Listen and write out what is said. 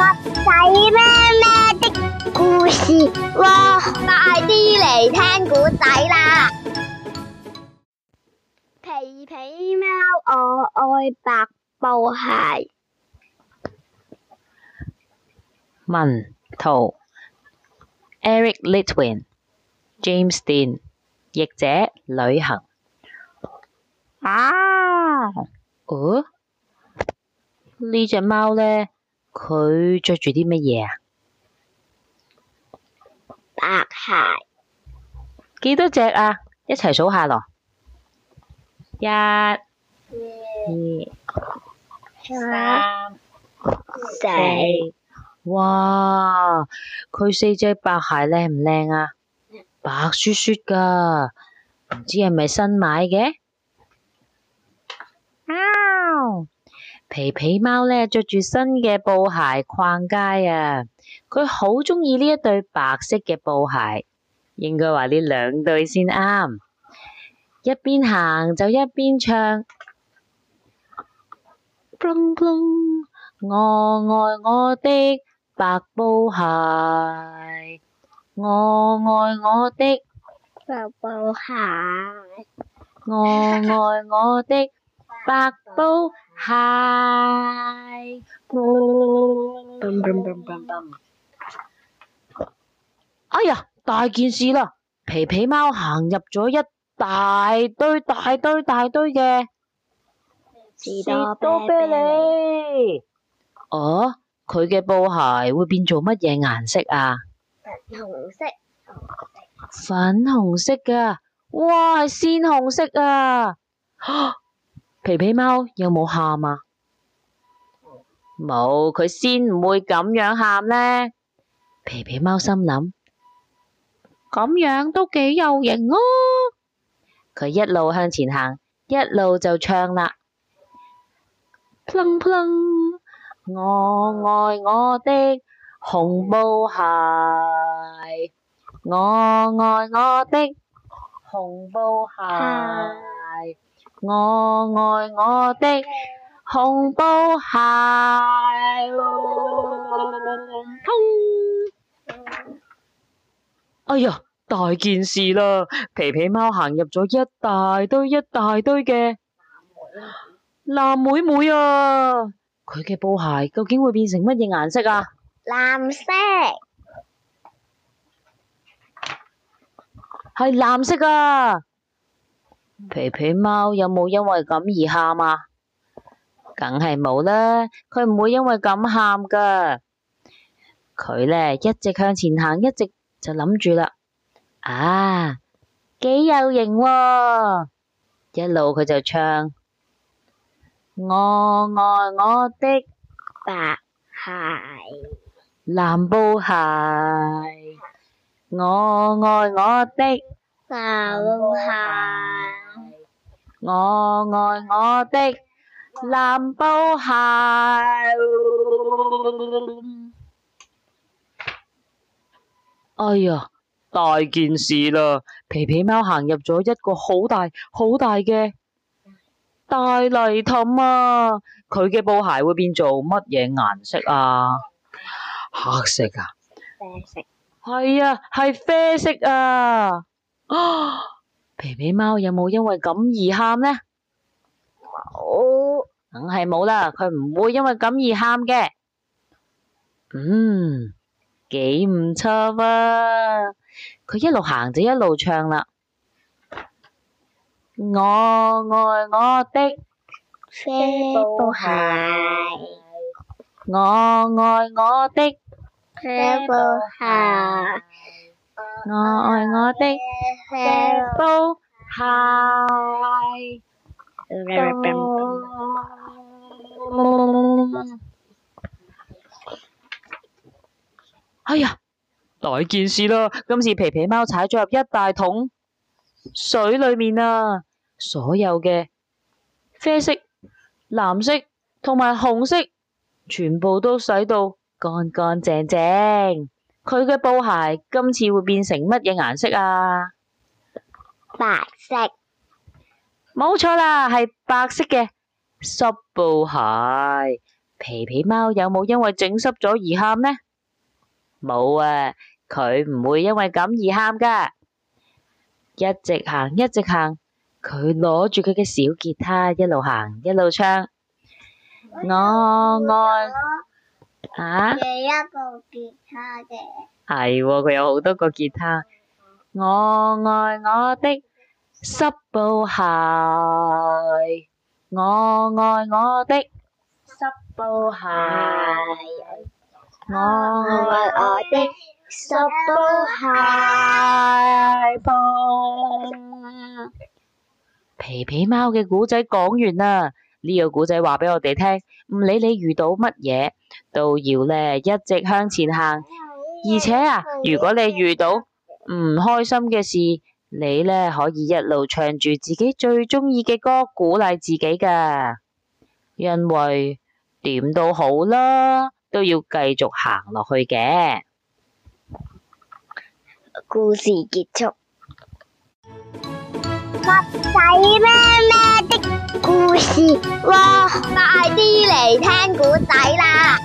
仔咩咩的故事，哇！快啲嚟聽古仔啦！皮皮貓，我愛白布鞋。文圖：Eric Litwin、James Dean，譯者：呂行。啊？哦？呢隻貓咧？佢着住啲乜嘢啊？白鞋，幾多隻啊？一齊數下咯，一、二、二、三、四。四，哇！佢四隻白鞋靚唔靚啊？白雪雪噶，唔知係咪新買嘅？皮皮貓呢，着住新嘅布鞋逛街啊！佢好鍾意呢一對白色嘅布鞋，應該話呢兩對先啱。一邊行就一邊唱噗噗噗，我愛我的白布鞋，我愛我的白布鞋，我愛我的白布。我嗨，嘣嘣嘣嘣嘣！哎呀，大件事啦！皮皮貓行入咗一大堆、大堆、大堆嘅士多啤梨。哦，佢嘅布鞋會變做乜嘢顏色啊？紅色。粉紅色噶，哇，鮮紅色啊！皮皮貓有冇喊啊？冇，佢先唔會咁樣喊呢。皮皮貓心諗，咁樣都幾有型哦。佢一路向前行，一路就唱啦：砰砰，我愛我的紅布鞋，我愛我的紅布鞋。我愛我的紅布鞋。哎呀，大件事啦！皮皮貓行入咗一大堆、一大堆嘅藍妹妹啊！佢嘅布鞋究竟會變成乜嘢顏色啊？藍色，係藍色啊！皮皮貓有冇因為咁而喊啊？梗係冇啦，佢唔會因為咁喊噶。佢咧一直向前行，一直就諗住啦。啊，幾有型喎、哦！一路佢就唱：我愛我的白鞋、藍布鞋，我愛我的白鞋。我愛我的藍布鞋。哎呀，大件事啦！皮皮貓行入咗一個好大、好大嘅大泥氹啊！佢嘅布鞋會變做乜嘢顏色啊？黑色啊？啡色。係啊，係啡色啊！啊皮皮貓有冇因為咁而喊呢？冇，梗係冇啦，佢唔會因為咁而喊嘅。嗯，幾唔錯啊！佢一路行就一路唱啦。我愛我的白布鞋，我愛我的白布鞋，我愛我的白布。好，哎呀，大件事啦！今次皮皮貓踩咗入一大桶水裏面啊，所有嘅啡色、藍色同埋紅色全部都洗到乾乾淨淨。佢嘅布鞋今次會變成乜嘢顏色啊？白色，冇錯啦，係白色嘅濕布鞋。皮皮貓有冇因為整濕咗而喊呢？冇啊，佢唔會因為咁而喊㗎。一直行，一直行，佢攞住佢嘅小吉他，一路行一路唱。我愛啊，一個吉他嘅係，佢有好多個吉他。我愛我的。濕布鞋，我愛我的濕布鞋，這個、我愛我的濕布鞋。皮皮貓嘅古仔講完啦，呢個古仔話畀我哋聽，唔理你遇到乜嘢，都要呢一直向前行。而且啊，如果你遇到唔開心嘅事，你呢可以一路唱住自己最鍾意嘅歌，鼓勵自己噶。因為點都好啦，都要繼續行落去嘅。故事結束。襪仔咩咩的故事？哇！快啲嚟聽古仔啦！